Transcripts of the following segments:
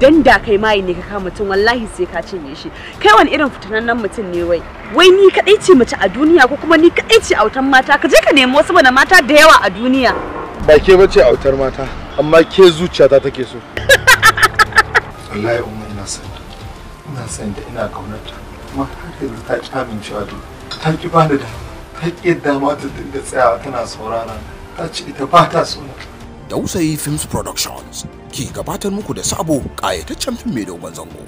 dan da kai mai ne ka ka mutum wallahi sai ka cinye shi kai wani irin nan mutum ne wai wai ni kadai ce mace a duniya ko kuma ni kadai ce autan mata ka je ka nemi wasu bana mata da yawa a duniya ba ke bace autar mata amma ke zuciyata take so wallahi umma ina son ina san da ina kaunarta kuma har yanzu ta ki amince a ta ki bani da ta ki yadda ma ta dinga tsayawa tana saurara ta ce ita ba ta so Dausayi Films Productions ke gabatar muku da sabo ƙayataccen fim mai dogon zango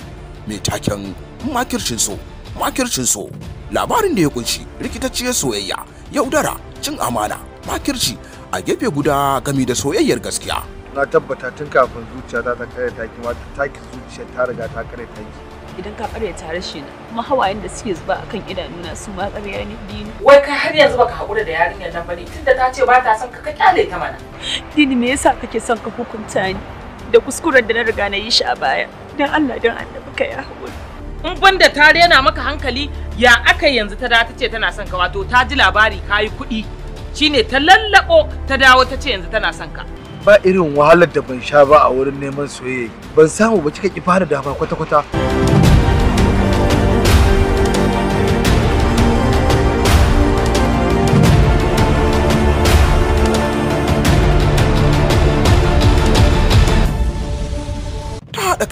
mai taken makircin so makircin so labarin da ya kunshi rikitacciyar soyayya yaudara cin amana makirci a gefe guda gami da soyayyar gaskiya na tabbata tun kafin zuciya ta ta kare taki ma taki zuciya ta riga ta kare taki idan ka tare shi na kuma hawayen da suke zuba akan idanuna su ma ƙarya ne dini wai kai har yanzu baka haƙura da yarinyar nan bane tunda ta ce ba ta son ka ka kyale ta mana dini me yasa kake son ka hukunta ni da kuskuren da na riga na yi shi a baya dan Allah dan annabi ka ya haƙuri in banda ta rena maka hankali ya aka yanzu ta da ta ce tana son ka wato ta ji labari yi kuɗi shine ta lallabo ta dawo ta ce yanzu tana son ka ba irin wahalar da ban sha ba a wurin neman soyayya ban samu ba cika ki fara dama kwata-kwata.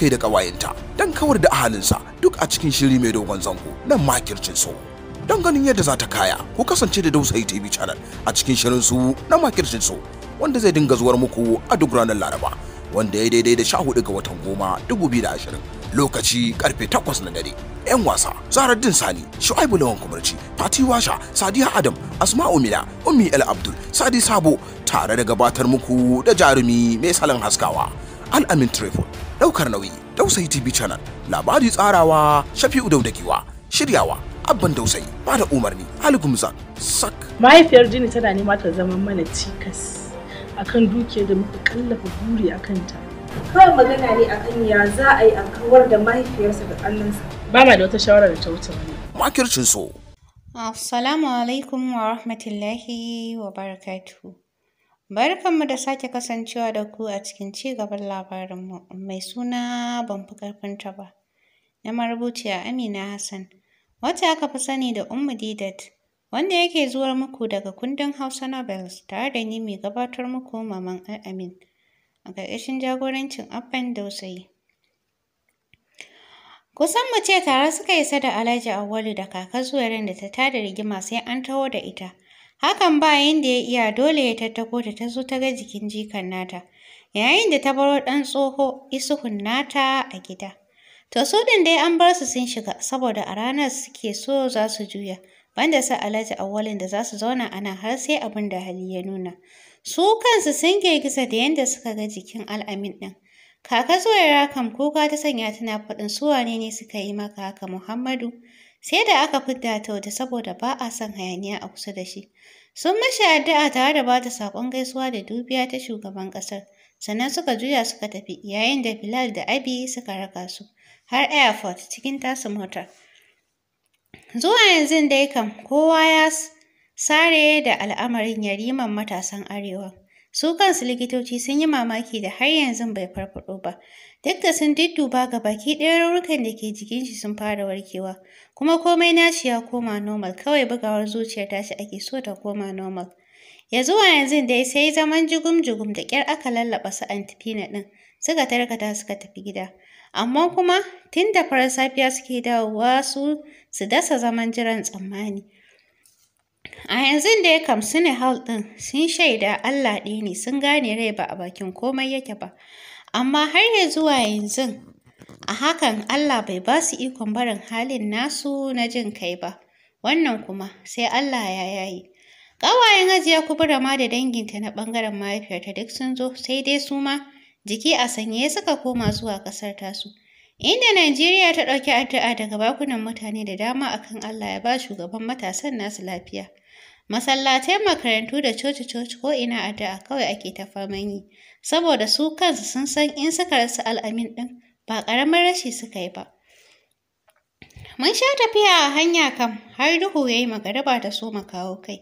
kai da ƙawayenta don kawar da ahalinsa duk a cikin shiri mai dogon zango na makircin so Don ganin yadda za ta kaya, ku kasance da Dausayi TV channel a cikin shirin su na makircin so wanda zai dinga zuwar muku a duk ranar Laraba wanda ya daidai da 14 ga watan goma 2020 lokaci karfe 8 na dare. 'Yan wasa din Sani, Shu'aibu Lawan Kumarci, Fati Washa, Sadiya Adam, Asma'u Mila, Ummi El Abdul, Sadi Sabo tare da gabatar muku da jarumi mai salon haskawa. al'amin travel ɗaukar nauyi dausayi tv channel labari tsarawa shafi'u daudagiwa shiryawa abban dausayi ba da umarni algumzan sak mahaifiyar jini tana nema ta zama mana cikas akan dukiyar da muka kallafa buri a kanta. kawai magana ne akan ya za a yi a kawar da mahaifiyarsa da ƙannansa ba ma da wata shawara da ta wuce wani makircin so assalamu alaikum wa rahmatullahi wa barakatuhu Barkanmu da sake kasancewa da ku a cikin ci gaban labarinmu mai suna ban fi ƙarfinta ba. Na marubuciya Amina Hassan, wacce aka fi sani da Ummu Didat, wanda yake zuwa muku daga kundin Hausa Novels tare da ni mai gabatar muku Maman Amin a ƙarƙashin jagorancin Abban Dausayi. Kusan mu ce tare suka isa da Alhaji Auwalu da kaka Zuwairin da ta tada rigima sai an taho da ita. Hakan ba yanda ya iya dole ya tattako ta ta zo ta ga jikin jikan nata. Yayin da ta baro ɗan tsoho isuhun nata a gida. To su ɗin dai an bar su sun shiga saboda a ranar suke so za su juya. Banda sa alaji Awwalin da za su zauna ana har sai abin da hali ya nuna. Su kansu sun girgiza da yanda suka ga jikin al'amin ɗin. Kaka Zuwaira kam kuka ta sanya tana faɗin su wane ne suka yi maka haka Muhammadu. sai da aka fidda ta waje saboda ba a son hayaniya a kusa da shi. Sun mashi addu'a tare da bata saƙon gaisuwa da dubiya ta shugaban ƙasar, sannan suka juya suka tafi yayin da Bilal da Abi suka raka su har airport cikin tasu motar. Zuwa yanzu dai kam kowa ya sare da al'amarin yariman matasan Arewa. Su kansu likitoci sun yi mamaki da har yanzu bai farfaɗo ba. Duk da sun dudduba ga baki ɗaya raunukan da ke jikin shi sun fara warkewa, kuma komai nashi ya koma normal kawai bugawar zuciyar tashi ake so ta koma normal. Ya zuwa yanzu dai sai zaman jugum-jugum da ƙyar aka lallaɓa su antifina ɗin suka tarkata suka tafi gida. Amma kuma tun da farar safiya suke dawowa su su dasa zaman jiran tsammani. A yanzu da ya kamsu ne hal ɗin sun shaida Allah ɗini ne sun gane rai ba a bakin komai yake ba. Amma har ya zuwa yanzu a hakan Allah bai ba su ikon barin halin nasu na jin kai ba. Wannan kuma sai Allah ya yayi. Ƙawayen Hajiya Kubura ma da danginta na ɓangaren mahaifiyarta duk sun zo sai dai su ma jiki a sanye suka koma zuwa ƙasar tasu. inda Najeriya ta ɗauki addu'a daga bakunan mutane da dama akan Allah ya ba shugaban matasan nasu lafiya. Masallatai makarantu da coci-coci ko ina addu'a kawai ake ta faman yi, saboda su kansu sun san in suka rasa al'amin ɗin ba ƙaramin rashi suka yi ba. Mun sha tafiya a hanya kam har duhu ya yi magariba ta so kawo kai,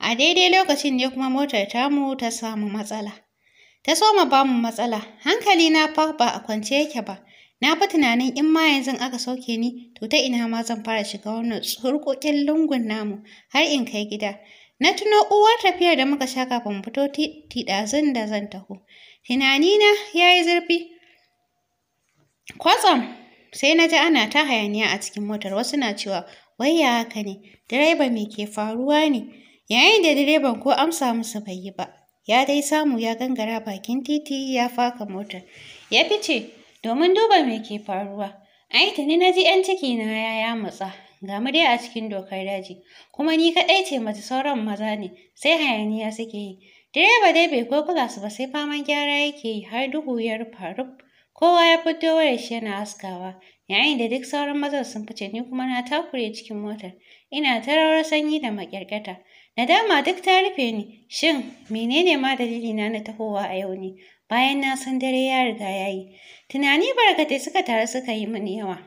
a daidai lokacin ne kuma motar tamu ta samu matsala. Ta so ma bamu matsala, hankali na fa ba a kwance yake ba, Na fi tunanin in ma yanzu aka sauke ni, to ta ina ma zan fara shiga wannan tsurkokin lungun namu har in kai gida. Na tuno uwar tafiyar da muka sha kafin fito tiɗazun da zan taho. Tunanina ya yi zurfi. Kwatsam sai na ji ana ta hayaniya a cikin motar wasu na cewa wai ya haka ne, direba me ke faruwa ne? Yayin da direban ko amsa musu bai yi ba, ya dai samu ya gangara bakin titi ya faka motar. Ya fice, domin duba me ke faruwa. Ai tuni na ji 'yan ciki na ya matsa, ga mu dai a cikin dokar daji, kuma ni kaɗai ce mace sauran maza ne, sai hayaniya suke yi. Direba dai bai kula su ba sai faman gyara yake yi har duhu ya rufa rub. Kowa ya fito wayar shi yana askawa, yayin da duk sauran mazan sun fice ni kuma na takure cikin motar. Ina ta rawar sanyi da maƙyarƙyata. Nadama duk ta rufe ni, shin menene ma dalilina na tahowa a yau ne? bayan na san dare ya riga ya yi tunani barkatai suka taru suka yi mini yawa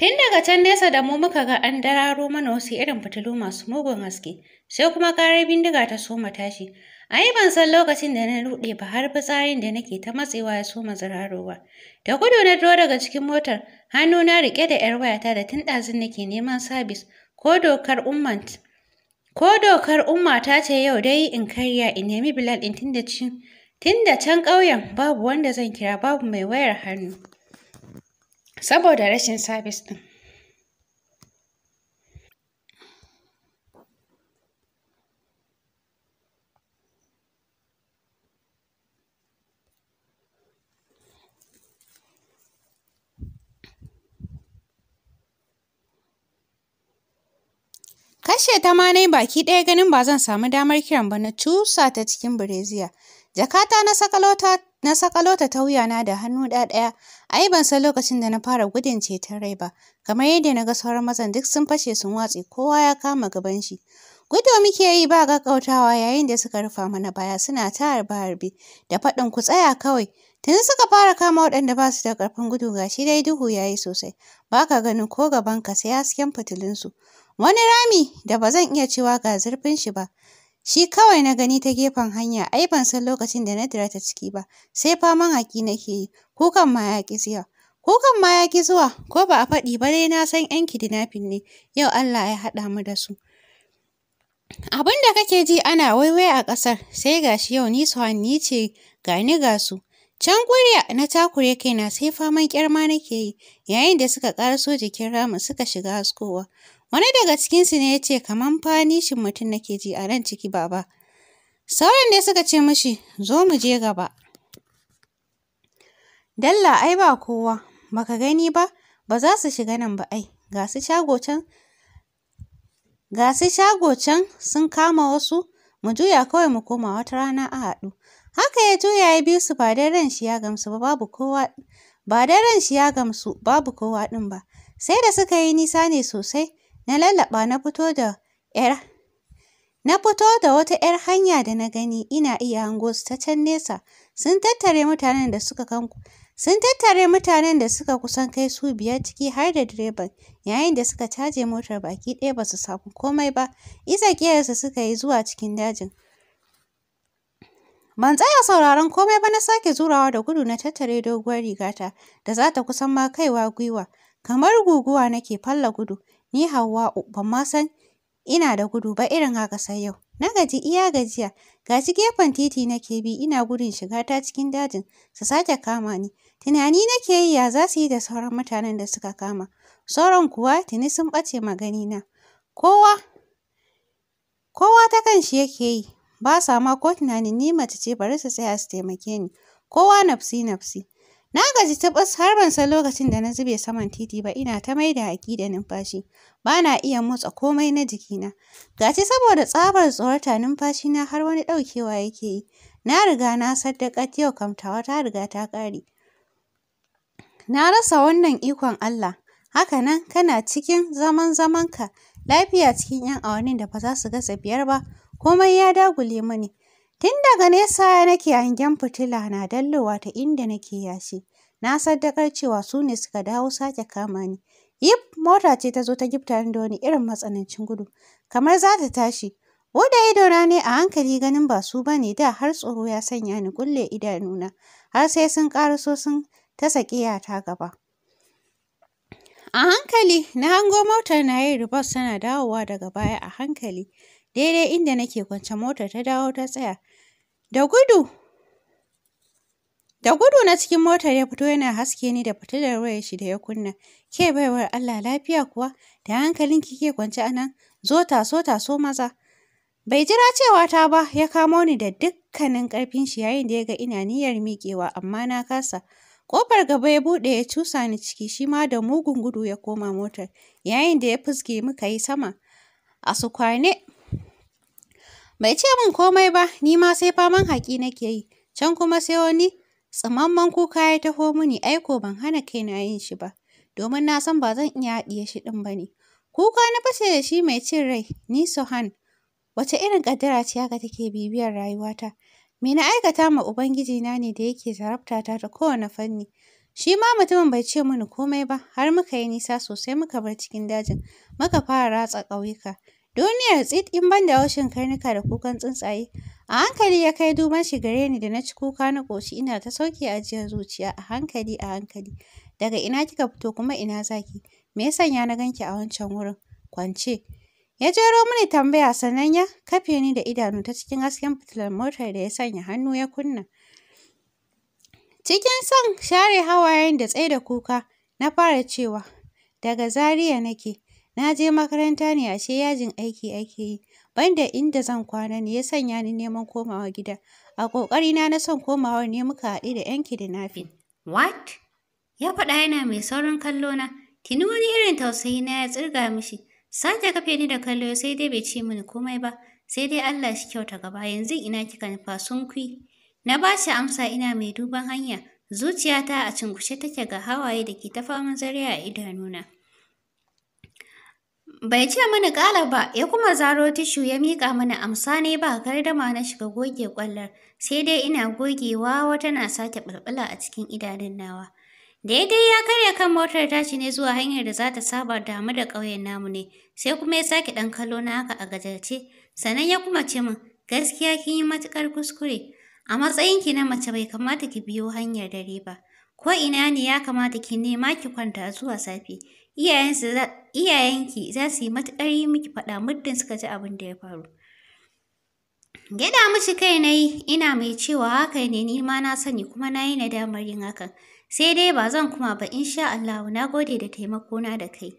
tun daga can nesa da mu muka ga an dararo mana wasu irin fitilu masu mugun haske sai kuma karar bindiga ta soma tashi yi ban san lokacin da na rude ba har fitsarin da nake ta matsewa ya soma zirarowa da gudu na duro daga cikin motar hannu na riƙe da 'yar wayata da tun ɗazun nake neman sabis ko dokar ummat Ko dokar umma ta ce yau dai in karya in nemi Bilal in tunda cin tunda can ƙauyen babu wanda zan kira babu mai wayar hannu. Saboda rashin sabis ɗin. Kashe ta ma nai baki ɗaya ganin ba zan samu damar kiran ba na cusa ta cikin bireziya. Jakata na sakalota na sakalota ta wuyana da hannu ɗaya ɗaya ai ban san lokacin da na fara gudun ceton rai ba kamar yadda na ga sauran mazan duk sun fashe sun watse kowa ya kama gaban shi gudu muke yi ba gaggautawa yayin da suka rufa mana baya suna ta harbe harbe da faɗin ku tsaya kawai Tun suka fara kama waɗanda ba su da ƙarfin gudu gashi dai duhu ya yi sosai ba ka ganin ko gaban ka sai hasken fitilunsu Wani rami da ba zan iya cewa ga zurfin shi ba. Shi kawai na gani ta gefen hanya, ai ban san lokacin da na dira ta ciki ba, sai faman haƙi nake yi, kukan ma ya ƙi zuwa. Kukan ma ya ƙi zuwa, ko ba a faɗi ba dai na san ‘yan kidnapping ne, yau Allah ya haɗa mu da su. Abin da kake ji ana waiwai a ƙasar, sai ga shi yau ni Suhan ni ce ga ni ga su. Can kuri'a na takure kaina sai faman ƙyarma nake yi, yayin da suka ƙaraso jikin ramin suka shiga haskowa. Wani daga cikinsu ne ya ce, kaman fanishin mutum nake ji a nan ciki baba. Sauran ne suka ce mashi, zo mu je gaba. Dalla ai ba kowa, baka gani ba, ba za su shiga nan ba ai, ga su shago can. sun kama wasu, mu juya kawai mu koma wata rana a haɗu. Haka ya juya ya biyu su ba don ran shi ya gamsu ba babu kowa ba ran shi ya gamsu babu kowa ɗin ba. Sai da suka yi nisa ne sosai, na lallaɓa na fito da ƴar na fito da wata ‘yar hanya da na gani ina iya hango su ta can nesa sun tattare mutanen da suka kan sun tattare mutanen da suka kusan kai su biyar ciki har da direban yayin da suka caje motar baki ɗaya ba su samu komai ba isa ƙiyarsa suka yi zuwa cikin dajin ban tsaya sauraron komai ba na sake zurawa da gudu na tattare doguwar rigata da za ta kusan ma kaiwa gwiwa Kamar guguwa nake falla gudu, ni hawa ban ma san ina da gudu ba irin haka sai yau. Na gaji iya gajiya, ga shi gefen titi nake bi ina gudun shiga ta cikin dajin su sake kama ni. Tunani nake yi ya za su yi da sauran mutanen da suka kama, sauran kuwa tuni sun ɓace maganina. Kowa, kowa ta kan shi yake yi, ba sa ma ko tunanin ni mace ce bari su tsaya su taimake ni, kowa nafsi nafsi. Na gaji tabbas har ban san lokacin da na zube saman titi ba ina ta mai da haƙi da numfashi. Ba na iya motsa komai na jikina. Gaci saboda tsabar tsorata numfashi na har wani ɗaukewa yake yi. Na riga na sadaukar yau kamtawa ta riga ta ƙare. Na rasa wannan ikon Allah. Haka nan kana cikin zaman zamanka lafiya cikin 'yan awannin da ba za su gaza biyar ba. Komai ya dagule mani. Tun daga nesa nake hangen fitila na dallowa ta inda nake yashi. Na sadaukar cewa su ne suka dawo sake kama ni. Yif! Mota ce ta zo ta gifta da wani irin matsanancin gudu, kamar za ta tashi. Buɗe idona ne a hankali ganin ba su ba ne da har tsoro ya sanya ni kulle idanuna, har sai sun ƙaraso sun ta sakiyata gaba. A hankali na hango motar na yi ribas tana dawowa daga baya a hankali. Daidai inda nake kwance motar ta dawo ta tsaya. Da gudu Da gudu na cikin motar ya fito yana haske ni da fitilar wayar shi da ya kunna. Ke baiwar Allah lafiya kuwa da hankalin kike ke kwance nan? zo taso taso maza. Bai jira cewa ta ba ya kamo ni da dukkanin ƙarfin shi yayin da ya ga ina niyyar miƙewa amma na kasa. Kofar gaba ya buɗe ya cusa ni ciki shi ma da mugun gudu ya koma motar yayin da ya fuske muka yi sama. A sukwane Bai ce min komai ba, ni ma sai faman haƙi nake yi. Can kuma sai wani tsamamman kuka ya taho mini aiko ban hana kaina yin shi ba, domin na san ba zan iya haɗiye shi ɗin ba ne. Kuka na fashe da shi mai cin rai, ni Sohan. Wace irin ƙaddara ce haka take bibiyar rayuwata? Me na aikata ma ubangiji na ne da yake zarabtata ta kowane fanni? Shi ma mutumin bai ce mini komai ba, har muka yi nisa sosai muka bar cikin dajin, muka fara ratsa ƙauyuka. Duniyar tsit in ban da haushin karnuka da kukan tsuntsaye. A hankali ya kai duban shi gare ni da na ci kuka na ƙoshi ina ta sauke ajiyar zuciya a hankali a hankali. Daga ina kika fito kuma ina zaki? Me ya sanya na ganki a wancan wurin? Kwance. Ya jero mini tambaya sannan ya kafe ni da idanu ta cikin hasken fitilar motar da ya sanya hannu ya kunna. Cikin son share hawayen da tsaye da kuka na fara cewa daga zariya nake. Na je makaranta ne ashe yajin aiki ake yi. Banda inda zan kwana ne ya sanya ni neman komawa gida. A ƙoƙarina na son komawa ne muka haɗu da ‘yan kidnapping. What? Ya faɗa yana mai saurin kallo na. Tuni wani irin tausayi na ya tsirga mishi. Sake kafe ni da kallo sai dai bai ce mini komai ba. Sai dai Allah shi kyauta gaba yanzu ina kika nufa sun kwi. Na ba shi amsa ina mai duban hanya. Zuciyata a cunkushe take ga hawaye da ke ta faman zariya a idanuna. Bai ce mana ƙala ba, ya kuma zaro tishu ya miƙa mana, amsa ne ba gardama na shiga goge ƙwallar, sai dai ina gogewa wata na sake ɓulɓula a cikin idanun nawa. Daidai ya karya kan motar tashi ne zuwa hanyar da za ta saba damu da ƙauyen namu ne, sai kuma ya sake ɗan kallo na haka a gajarce, sannan ya kuma ce min, gaskiya kin yi matuƙar kuskure, a matsayinki na mace bai kamata ki biyo hanyar dare ba, ko ina ne ya kamata ki nema ki kwanta zuwa safe, iyayenki za su yi matuƙar yi miki faɗa muddin suka ji abin da ya faru. gyada mishi kai na yi, ina mai cewa haka ne ni ma na sani kuma na yi nadamar yin hakan. Sai dai ba zan kuma ba in sha Allah na gode da taimakona da kai.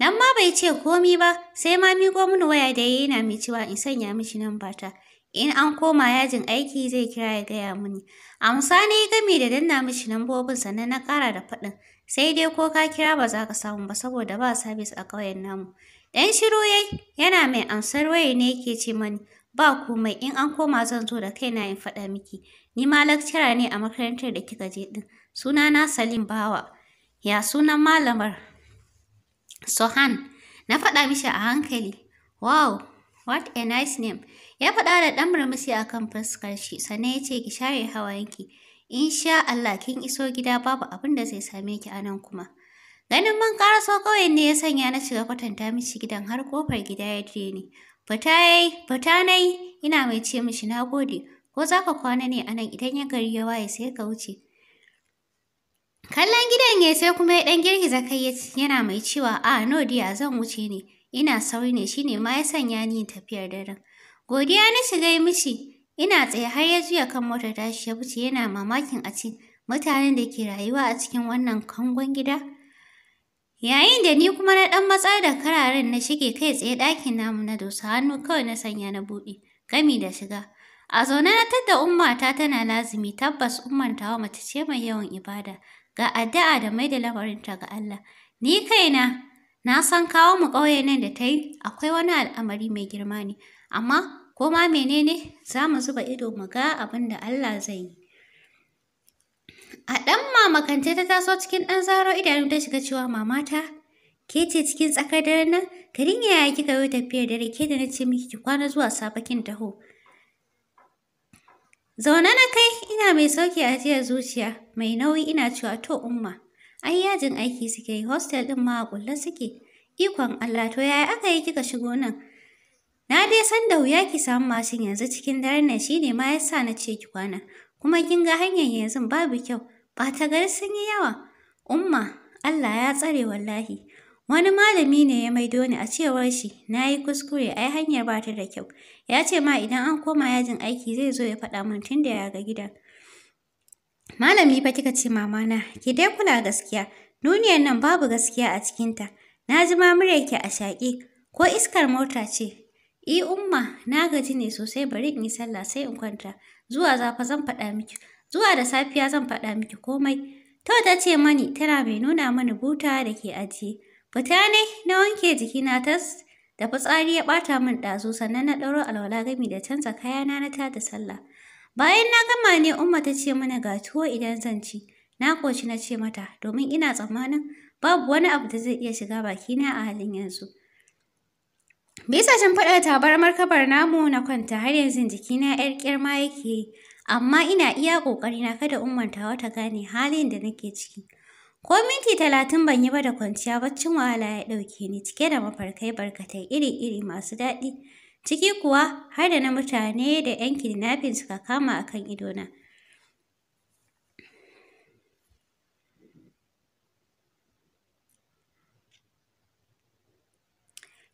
Nan ma bai ce komi ba, sai ma mi mini waya da ya yi na mai cewa in sanya mishi nan ba ta. In an koma yajin aiki zai kira ya gaya mini. Amsa ne gami da danna mishi lambobin sannan na ƙara da faɗin. Sai dai ko ka kira ba za ka samu ba saboda ba sabis a ƙauyen namu. Ɗan shiru yai yana mai amsar waye ne yake ce mani. Ba komai in an koma zan zo da kaina in faɗa miki. Ni ma lakcira ne a makarantar da kika je ɗin. na Salim Bawa. Ya sunan malamar? Sohan. Na faɗa mishi a hankali. Wow, what a nice name. Ya faɗa da ɗan murmushi a kan fuskar shi, sannan ya ce ki share hawayenki. sha Allah kin iso gida babu abin da zai same ki a kuma. Ganin man ƙaraso ƙauyen ne ya sanya na shiga kwatanta mishi gidan har kofar gida ya dire ni. Fita yayi, fita na ina mai ce mishi na gode, ko za ka kwana ne a nan idan ya gari ya waye sai ka wuce. Kallon gidan ya sai kuma ya ɗan girgiza kai yana mai cewa a no dia zan wuce ne, ina sauri ne shine ma ya sanya ni tafiyar daren. Godiya na shiga yi mishi, ina tsaye har ya juya kan motar tashi ya wuce yana mamakin a ce mutanen da ke rayuwa a cikin wannan kangon gida. Yayin da ni kuma na ɗan matsar da kararen na shige kai tsaye ɗakin namu na dosa hannu kawai na sanya na buɗe, gami da shiga. A zaune na tadda ummata tana lazumi tabbas umman tawa mace ce mai yawan ibada, ga addu'a da mai da lamarinta ga Allah. Ni kaina na san kawo mu ƙauye nan da ta yi akwai wani al'amari mai girma ne, amma ko ma menene za mu zuba ido mu ga abin da Allah zai yi. A ɗan mamakance ta taso cikin ɗan zaro idanu ta shiga cewa mamata, ke ce cikin tsakar dare nan, ka ya yaya kika yi tafiyar dare ke da na ce miki ki kwana zuwa safakin taho. Zaune na kai ina mai sauki a zuciya, mai nauyi ina cewa to umma, ai yajin aiki suke yi hostel ɗin ma a suke. Ikon Allah to yaya aka yi kika shigo nan? Na dai san da wuya ki samu mashin yanzu cikin daren nan shi ne ma ya sa na ce ki kwana. Kuma kin ga hanyar yanzu babu kyau, ba ta gari sun yi yawa. Umma, Allah ya tsare wallahi. Wani malami ne ya maido ni a cewar shi, na yi kuskure ai hanyar ba ta da kyau. Ya ce ma idan an koma yajin aiki zai zo ya faɗa min tun da ya ga gida Malami fa kika ce mamana, ki dai kula gaskiya, duniyar nan babu gaskiya a cikinta. Na ji ma ki a shaƙe, ko iskar mota ce, I eh, umma, na gaji ne sosai bari in yi sallah sai in kwanta. Zuwa zafa zan faɗa miki. Zuwa da safiya zan faɗa miki komai. To ta ce mani tana mai nuna mani buta da ke ajiye. Fita ne na wanke jikina tas da fitsari ya ɓata min ɗazu sannan na ɗauro alwala gami da canza kayana na ta da sallah. Bayan na gama ne umma ta ce mana ga tuwo idan zan ci. Na koci na ce mata domin ina tsammanin babu wani abu da zai iya shiga bakina a halin yanzu. faɗa ta tabarmar kafar namu na kwanta har yanzu jiki na ‘yar ƙirma yake yi, amma ina iya na kada ummanta ta gane halin da nake ciki. Ko minti talatin ban yi ba da kwanciya baccin wahala ya ɗauke ni cike da mafarkai barkatai iri-iri masu daɗi. Ciki kuwa har da na mutane da ‘yan kidnapping suka kama a kan idona.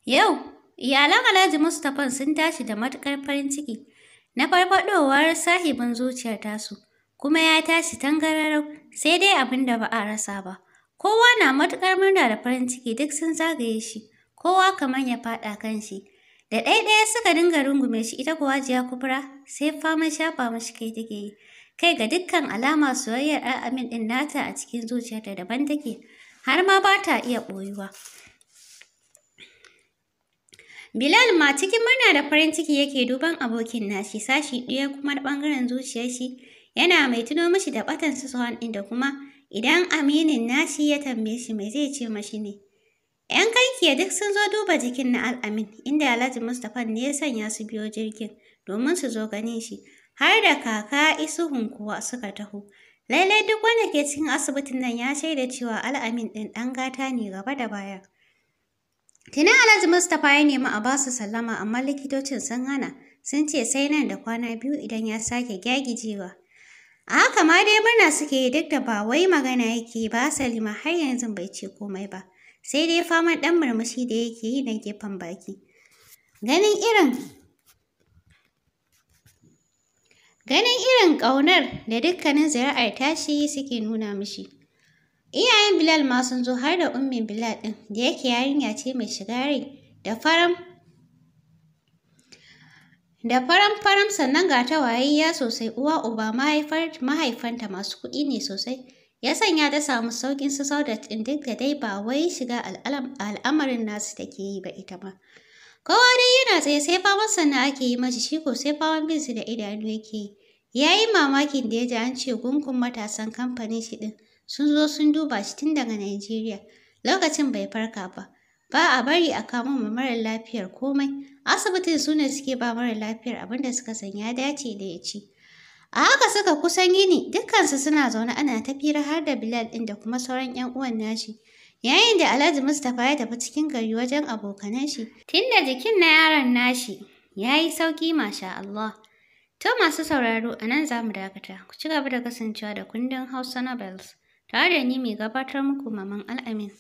Yau, Iyalan Alhaji Mustapha sun tashi da matuƙar farin ciki na farfaɗowar sahibin zuciyar tasu, kuma ya tashi tangararau sai dai abin da ba a rasa ba. Kowa na matuƙar murna da farin ciki duk sun zagaye shi, kowa kamar ya faɗa kan shi. Da ɗaiɗaya suka dinga rungume shi ita kuwa jiya kubura sai faman shafa mashi kai take yi. Kai ga dukkan alama soyayyar Amin ɗin nata a cikin zuciyarta daban take, har ma ba ta iya ɓoyuwa. Bilal ma cikin murna da farin ciki yake duban abokin nashi sashi ɗaya kuma da ɓangaren zuciyar shi yana mai tuno mashi da ɓatan su tsohon ɗin da kuma idan aminin nashi ya tambaye shi mai zai ce mashi ne. ‘Yan kankiya duk sun zo duba jikin na al'amin inda Alhaji Mustapha ne ya sanya su biyo jirgin domin su zo ganin shi har da kaka isuhun kuwa suka taho. Lailai duk wanda ke cikin asibitin nan ya shaida cewa al'amin ɗin ɗan gata ne gaba da baya. Tuni Alhaji Mustapha ya nemi a basu sallama amma likitocin sun hana, sun ce sai nan da kwana biyu idan ya sake gyagijewa. A haka ma dai murna suke yi duk da ba wai magana yake ba Salima har yanzu bai ce komai ba, sai dai fama ɗan murmushi da yake yi na gefen baki. Ganin irin Ganin irin ƙaunar da dukkanin ziyarar tashi suke nuna mishi. Iyayen Bilal ma sun zo har da ummin Bilal ɗin da yake yarinya ce mai shiga rai da faram da faram-faram sannan ga ta wayayya sosai uwa uba mahaifanta masu kuɗi ne sosai ya sanya ta samu saukin su sau ɗin duk da dai ba wai shiga al'amarin nasu take yi ba ita ba. Kowa dai yana tsaye sai faman sannan ake yi mashi shi ko sai faman bin su da idanu yake yi. Ya yi mamakin da ya ji an ce gungun matasan kamfanin shi ɗin sun zo sun duba shi tun daga Najeriya. Lokacin bai farka ba. Ba a bari a kamo ma mara lafiyar komai. Asibitin su ne suke ba mara lafiyar abin da suka san ya dace da ya ci. A haka suka kusan gini dukkansu suna zaune ana ta fira har da Bilal ɗin da kuma sauran 'yan uwan nashi. Yayin da Alhaji Mustapha ya tafi cikin gari wajen abokanan shi, tunda jikin na yaron nashi ya yi sauƙi masha Allah. Ta masu sauraro a nan za mu dakata, ku ci gaba da kasancewa da kundin Hausa Nobels, tare da ni mai gabatar muku Maman Al'amin.